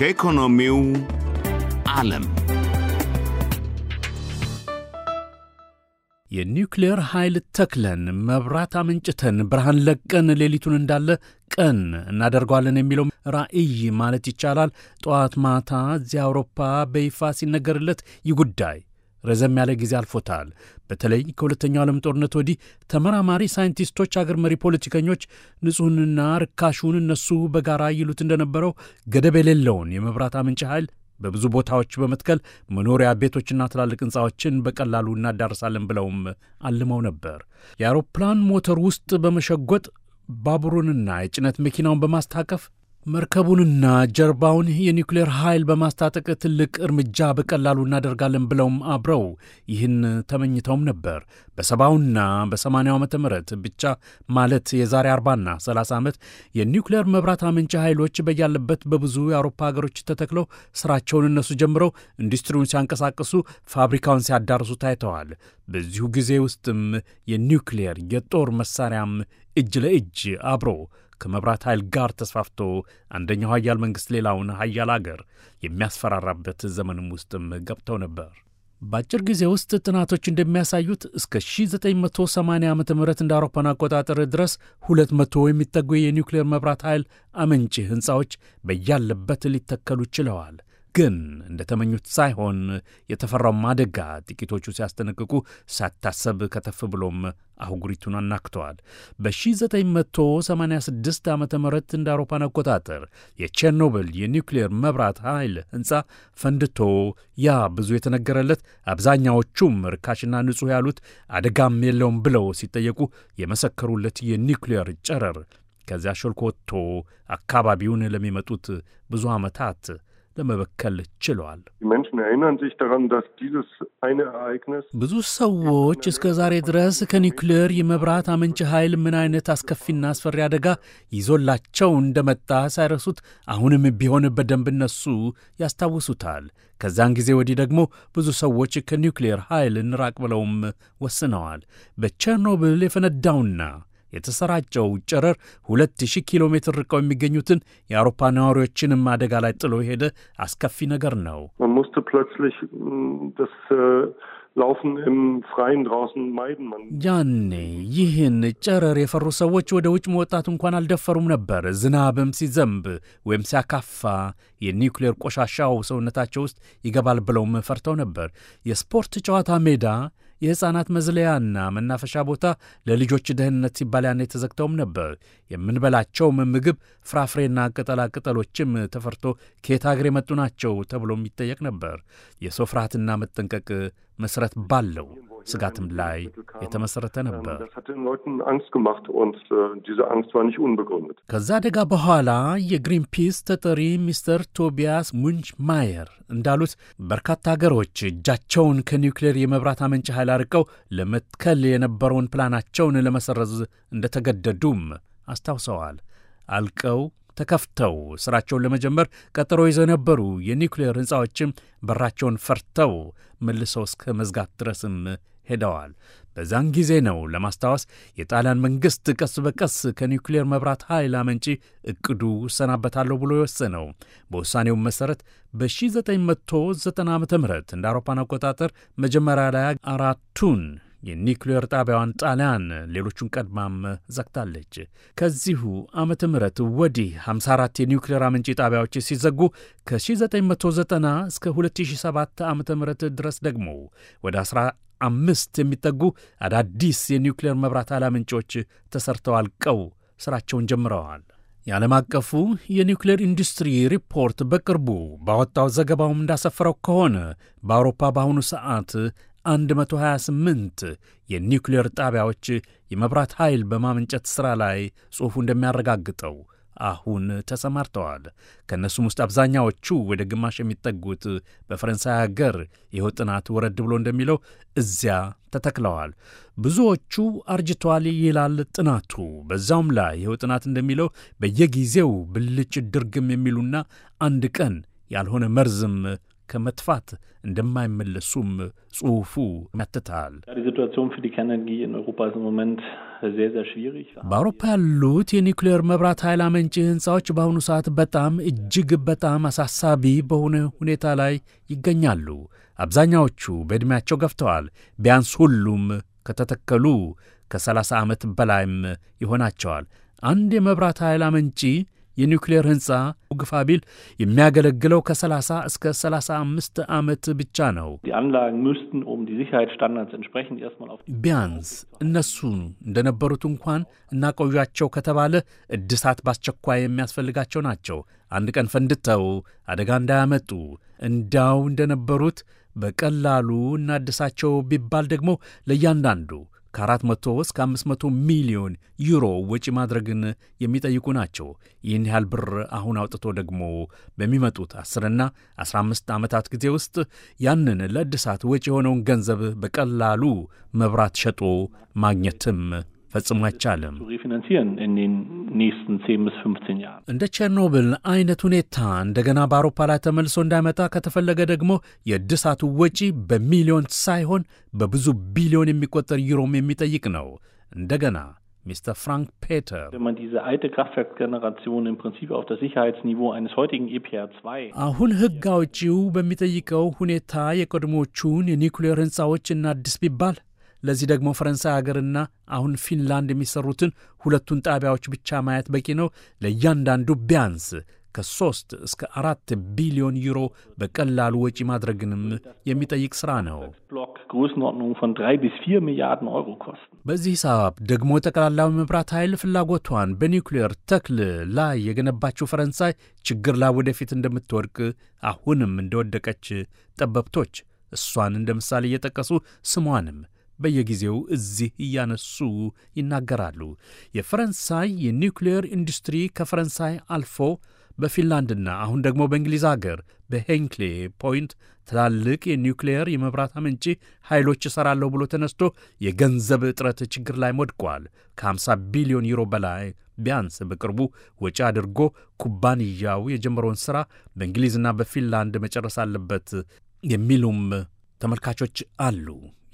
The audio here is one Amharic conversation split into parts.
ከኢኮኖሚው ዓለም የኒውክሌር ኃይል ተክለን መብራት አመንጭተን ብርሃን ለቀን ሌሊቱን እንዳለ ቀን እናደርገዋለን የሚለው ራዕይ ማለት ይቻላል ጠዋት ማታ እዚያ አውሮፓ በይፋ ሲነገርለት ይህ ጉዳይ ረዘም ያለ ጊዜ አልፎታል። በተለይ ከሁለተኛው ዓለም ጦርነት ወዲህ ተመራማሪ ሳይንቲስቶች፣ አገር መሪ ፖለቲከኞች ንጹሕንና ርካሹን እነሱ በጋራ ይሉት እንደነበረው ገደብ የሌለውን የመብራት አምንጭ ኃይል በብዙ ቦታዎች በመትከል መኖሪያ ቤቶችና ትላልቅ ሕንፃዎችን በቀላሉ እናዳርሳለን ብለውም አልመው ነበር። የአውሮፕላን ሞተር ውስጥ በመሸጎጥ ባቡሩንና የጭነት መኪናውን በማስታቀፍ መርከቡንና ጀርባውን የኒውክሌር ኃይል በማስታጠቅ ትልቅ እርምጃ በቀላሉ እናደርጋለን ብለውም አብረው ይህን ተመኝተውም ነበር። በሰባውና በሰማንያው ዓመተ ምህረት ብቻ ማለት የዛሬ አርባና ሰላሳ ዓመት የኒውክሌር መብራት አመንጭ ኃይሎች በያለበት በብዙ የአውሮፓ ሀገሮች ተተክለው ስራቸውን እነሱ ጀምረው ኢንዱስትሪውን ሲያንቀሳቅሱ፣ ፋብሪካውን ሲያዳርሱ ታይተዋል። በዚሁ ጊዜ ውስጥም የኒውክሌር የጦር መሳሪያም እጅ ለእጅ አብሮ ከመብራት ኃይል ጋር ተስፋፍቶ አንደኛው ሀያል መንግሥት ሌላውን ሀያል አገር የሚያስፈራራበት ዘመንም ውስጥም ገብተው ነበር። በአጭር ጊዜ ውስጥ ጥናቶች እንደሚያሳዩት እስከ 1980 ዓ ም እንደ አውሮፓን አቆጣጠር ድረስ 200 የሚጠጉ የኒውክሌር መብራት ኃይል አመንጪ ሕንፃዎች በያለበት ሊተከሉ ችለዋል። ግን እንደተመኙት ሳይሆን የተፈራው ማደጋ ጥቂቶቹ ሲያስጠነቅቁ ሳታሰብ ከተፍ ብሎም አህጉሪቱን አናክተዋል። በ1986 ዓ ም እንደ አውሮፓን አቆጣጠር የቼርኖብል የኒውክሌር መብራት ኃይል ሕንፃ ፈንድቶ ያ ብዙ የተነገረለት አብዛኛዎቹም ርካሽና ንጹሕ ያሉት አደጋም የለውም ብለው ሲጠየቁ የመሰከሩለት የኒውክሌር ጨረር ከዚያ ሾልኮ ወጥቶ አካባቢውን ለሚመጡት ብዙ ዓመታት ለመበከል ችለዋል። ብዙ ሰዎች እስከ ዛሬ ድረስ ከኒውክሌር የመብራት አመንጭ ኃይል ምን አይነት አስከፊና አስፈሪ አደጋ ይዞላቸው እንደመጣ ሳይረሱት አሁንም ቢሆን በደንብ እነሱ ያስታውሱታል። ከዚያን ጊዜ ወዲህ ደግሞ ብዙ ሰዎች ከኒውክሌር ኃይል እንራቅ ብለውም ወስነዋል። በቸርኖብል የፈነዳውና የተሰራጨው ጨረር 2000 ኪሎ ሜትር ርቀው የሚገኙትን የአውሮፓ ነዋሪዎችንም አደጋ ላይ ጥሎ የሄደ አስከፊ ነገር ነው። hm, äh, ያኔ ይህን ጨረር የፈሩ ሰዎች ወደ ውጭ መውጣት እንኳን አልደፈሩም ነበር። ዝናብም ሲዘንብ ወይም ሲያካፋ የኒውክሌር ቆሻሻው ሰውነታቸው ውስጥ ይገባል ብለውም ፈርተው ነበር። የስፖርት ጨዋታ ሜዳ የሕፃናት መዝለያና መናፈሻ ቦታ ለልጆች ደህንነት ሲባል ያኔ ተዘግተውም ነበር። የምንበላቸውም ምግብ ፍራፍሬና ቅጠላ ቅጠሎችም ተፈርቶ ከየት አገር የመጡ ናቸው ተብሎ ይጠየቅ ነበር። የሰው ፍርሃትና መጠንቀቅ መሠረት ባለው ስጋትም ላይ የተመሰረተ ነበር። ähm, äh, ከዛ አደጋ በኋላ የግሪንፒስ ተጠሪ ሚስተር ቶቢያስ ሙንች ማየር እንዳሉት በርካታ ሀገሮች እጃቸውን ከኒውክሌር የመብራት አመንጭ ኃይል አርቀው ለመትከል የነበረውን ፕላናቸውን ለመሰረዝ እንደተገደዱም አስታውሰዋል። አልቀው ተከፍተው ሥራቸውን ለመጀመር ቀጠሮ ይዘው የነበሩ የኒውክሌር ሕንፃዎችም በራቸውን ፈርተው መልሰው እስከ መዝጋት ድረስም ሄደዋል። በዛን ጊዜ ነው ለማስታወስ የጣሊያን መንግሥት ቀስ በቀስ ከኒውክሌር መብራት ኃይል አመንጪ እቅዱ እሰናበታለሁ ብሎ የወሰነው። በውሳኔው መሠረት በ1990 ዓ ም እንደ አውሮፓን አቆጣጠር መጀመሪያ ላይ አራቱን የኒውክሌር ጣቢያዋን ጣሊያን ሌሎቹን ቀድማም ዘግታለች። ከዚሁ ዓመተ ምህረት ወዲህ 54 የኒውክሌር አመንጪ ጣቢያዎች ሲዘጉ ከ1990 እስከ 2007 ዓ ም ድረስ ደግሞ ወደ አምስት የሚጠጉ አዳዲስ የኒውክሌር መብራት አላምንጮች ተሰርተው አልቀው ሥራቸውን ጀምረዋል። የዓለም አቀፉ የኒውክሌር ኢንዱስትሪ ሪፖርት በቅርቡ ባወጣው ዘገባውም እንዳሰፈረው ከሆነ በአውሮፓ በአሁኑ ሰዓት 128 የኒውክሌር ጣቢያዎች የመብራት ኃይል በማመንጨት ሥራ ላይ ጽሑፉ እንደሚያረጋግጠው አሁን ተሰማርተዋል። ከእነሱም ውስጥ አብዛኛዎቹ ወደ ግማሽ የሚጠጉት በፈረንሳይ ሀገር ይኸው ጥናት ወረድ ብሎ እንደሚለው እዚያ ተተክለዋል። ብዙዎቹ አርጅተዋል ይላል ጥናቱ። በዛውም ላይ ይኸው ጥናት እንደሚለው በየጊዜው ብልጭ ድርግም የሚሉና አንድ ቀን ያልሆነ መርዝም ከመጥፋት እንደማይመለሱም ጽሑፉ ያትታል። በአውሮፓ ያሉት የኒውክሌር መብራት ኃይል መንጪ ሕንፃዎች በአሁኑ ሰዓት በጣም እጅግ በጣም አሳሳቢ በሆነ ሁኔታ ላይ ይገኛሉ። አብዛኛዎቹ በዕድሜያቸው ገፍተዋል። ቢያንስ ሁሉም ከተተከሉ ከ30 ዓመት በላይም ይሆናቸዋል። አንድ የመብራት ኃይል አመንጪ የኒውክሌር ህንፃ ግፋ ቢል የሚያገለግለው ከ30 እስከ 35 ዓመት ብቻ ነው። um ቢያንስ እነሱ እንደነበሩት እንኳን እናቆያቸው ከተባለ እድሳት በአስቸኳይ የሚያስፈልጋቸው ናቸው። አንድ ቀን ፈንድተው አደጋ እንዳያመጡ እንዳው እንደነበሩት በቀላሉ እናድሳቸው ቢባል ደግሞ ለእያንዳንዱ ከ400 እስከ 500 ሚሊዮን ዩሮ ወጪ ማድረግን የሚጠይቁ ናቸው። ይህን ያህል ብር አሁን አውጥቶ ደግሞ በሚመጡት 10ና 15 ዓመታት ጊዜ ውስጥ ያንን ለእድሳት ወጪ የሆነውን ገንዘብ በቀላሉ መብራት ሸጦ ማግኘትም ፈጽሞ አይቻልም። እንደ ቸርኖብል አይነት ሁኔታ እንደገና በአውሮፓ ላይ ተመልሶ እንዳይመጣ ከተፈለገ ደግሞ የእድሳቱ ወጪ በሚሊዮን ሳይሆን በብዙ ቢሊዮን የሚቆጠር ዩሮም የሚጠይቅ ነው። እንደገና ሚስተር ፍራንክ ፔተር e አሁን ሕግ አውጪው በሚጠይቀው ሁኔታ የቀድሞቹን የኒውክሌር ሕንፃዎች እናድስ ቢባል ለዚህ ደግሞ ፈረንሳይ ሀገርና አሁን ፊንላንድ የሚሰሩትን ሁለቱን ጣቢያዎች ብቻ ማየት በቂ ነው። ለእያንዳንዱ ቢያንስ ከሶስት እስከ አራት ቢሊዮን ዩሮ በቀላሉ ወጪ ማድረግንም የሚጠይቅ ሥራ ነው። በዚህ ሂሳብ ደግሞ ጠቅላላዊ መብራት ኃይል ፍላጎቷን በኒውክሌር ተክል ላይ የገነባችው ፈረንሳይ ችግር ላይ ወደፊት እንደምትወድቅ አሁንም እንደወደቀች ጠበብቶች እሷን እንደ ምሳሌ እየጠቀሱ ስሟንም በየጊዜው እዚህ እያነሱ ይናገራሉ። የፈረንሳይ የኒውክሌር ኢንዱስትሪ ከፈረንሳይ አልፎ በፊንላንድና አሁን ደግሞ በእንግሊዝ አገር በሄንክሌ ፖይንት ትላልቅ የኒውክሌየር የመብራት አመንጪ ኃይሎች እሠራለሁ ብሎ ተነስቶ የገንዘብ እጥረት ችግር ላይ ወድቋል። ከ50 ቢሊዮን ዩሮ በላይ ቢያንስ በቅርቡ ወጪ አድርጎ ኩባንያው የጀመረውን ሥራ በእንግሊዝና በፊንላንድ መጨረስ አለበት የሚሉም ተመልካቾች አሉ።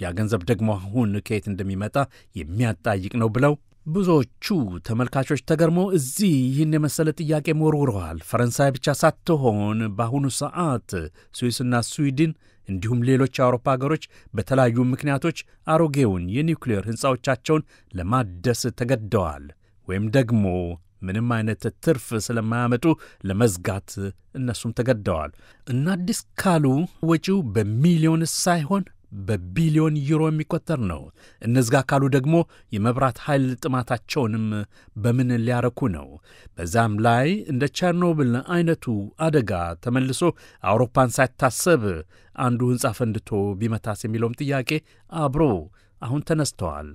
ያ ገንዘብ ደግሞ አሁን ከየት እንደሚመጣ የሚያጣይቅ ነው ብለው ብዙዎቹ ተመልካቾች ተገርሞ እዚህ ይህን የመሰለ ጥያቄ መርውረዋል። ፈረንሳይ ብቻ ሳትሆን በአሁኑ ሰዓት ስዊስና ስዊድን እንዲሁም ሌሎች የአውሮፓ ሀገሮች በተለያዩ ምክንያቶች አሮጌውን የኒውክሌር ሕንፃዎቻቸውን ለማደስ ተገደዋል ወይም ደግሞ ምንም አይነት ትርፍ ስለማያመጡ ለመዝጋት እነሱም ተገደዋል እና አዲስ ካሉ ወጪው በሚሊዮን ሳይሆን በቢሊዮን ዩሮ የሚቆጠር ነው። እነዚጋ ካሉ ደግሞ የመብራት ኃይል ጥማታቸውንም በምን ሊያረኩ ነው? በዛም ላይ እንደ ቸርኖብል አይነቱ አደጋ ተመልሶ አውሮፓን ሳይታሰብ አንዱ ሕንፃ ፈንድቶ ቢመታስ የሚለውም ጥያቄ አብሮ አሁን ተነስተዋል።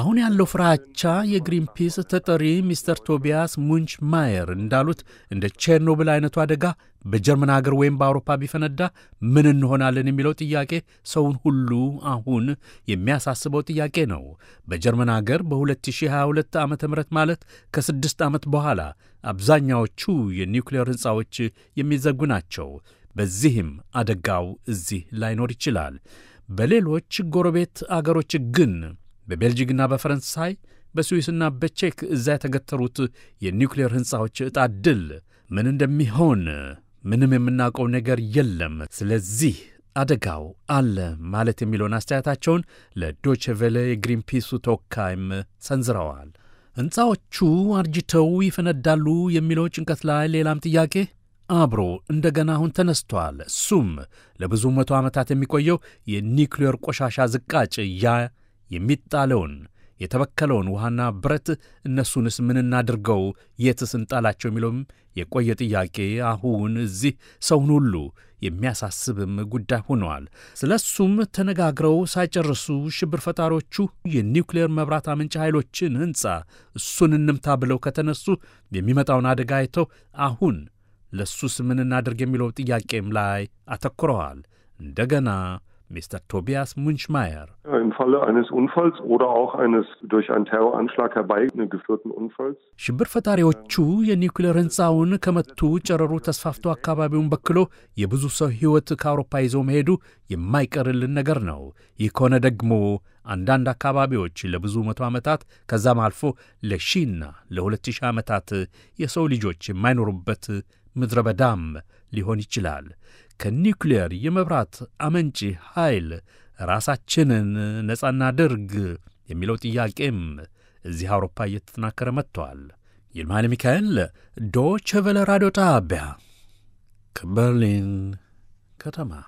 አሁን ያለው ፍራቻ የግሪንፒስ ተጠሪ ሚስተር ቶቢያስ ሙንች ማየር እንዳሉት እንደ ቼርኖብል አይነቱ አደጋ በጀርመን አገር ወይም በአውሮፓ ቢፈነዳ ምን እንሆናለን የሚለው ጥያቄ ሰውን ሁሉ አሁን የሚያሳስበው ጥያቄ ነው። በጀርመን አገር በ2022 ዓ ም ማለት ከስድስት ዓመት በኋላ አብዛኛዎቹ የኒውክሌር ሕንፃዎች የሚዘጉ ናቸው። በዚህም አደጋው እዚህ ላይኖር ይችላል። በሌሎች ጎረቤት አገሮች ግን በቤልጂግና በፈረንሳይ በስዊስና በቼክ እዛ የተገተሩት የኒውክሌር ሕንፃዎች ዕጣ ድል ምን እንደሚሆን ምንም የምናውቀው ነገር የለም። ስለዚህ አደጋው አለ ማለት የሚለውን አስተያየታቸውን ለዶቼ ቬለ የግሪንፒሱ ተወካይም ሰንዝረዋል። ሕንፃዎቹ አርጅተው ይፈነዳሉ የሚለው ጭንቀት ላይ ሌላም ጥያቄ አብሮ እንደገና አሁን ተነስቷል። እሱም ለብዙ መቶ ዓመታት የሚቆየው የኒውክሌር ቆሻሻ ዝቃጭ ያ የሚጣለውን የተበከለውን ውሃና ብረት እነሱንስ ምን እናድርገው የትስ እንጣላቸው የሚለውም የቆየ ጥያቄ አሁን እዚህ ሰውን ሁሉ የሚያሳስብም ጉዳይ ሆነዋል። ስለ እሱም ተነጋግረው ሳይጨርሱ ሽብር ፈጣሪዎቹ የኒውክሌር መብራት አመንጭ ኃይሎችን ሕንፃ እሱን እንምታ ብለው ከተነሱ የሚመጣውን አደጋ አይተው አሁን ለእሱስ ምን እናድርግ የሚለው ጥያቄም ላይ አተኩረዋል። እንደገና ሚስተር ቶቢያስ ሙንችማየር ሽብር ፈጣሪዎቹ የኒውክሌር ሕንፃውን ከመቱ ጨረሩ ተስፋፍቶ አካባቢውን በክሎ የብዙ ሰው ሕይወት ከአውሮፓ ይዘው መሄዱ የማይቀርልን ነገር ነው። ይህ ከሆነ ደግሞ አንዳንድ አካባቢዎች ለብዙ መቶ ዓመታት ከዛም አልፎ ለሺና ለሁለት ሺህ ዓመታት የሰው ልጆች የማይኖሩበት ምድረ በዳም ሊሆን ይችላል። ከኒውክሌር የመብራት አመንጪ ኃይል ራሳችንን ነጻ እናድርግ የሚለው ጥያቄም እዚህ አውሮፓ እየተጠናከረ መጥቷል። ይልማ ሚካኤል ዶቼ ቬለ ራዲዮ ጣቢያ ከበርሊን ከተማ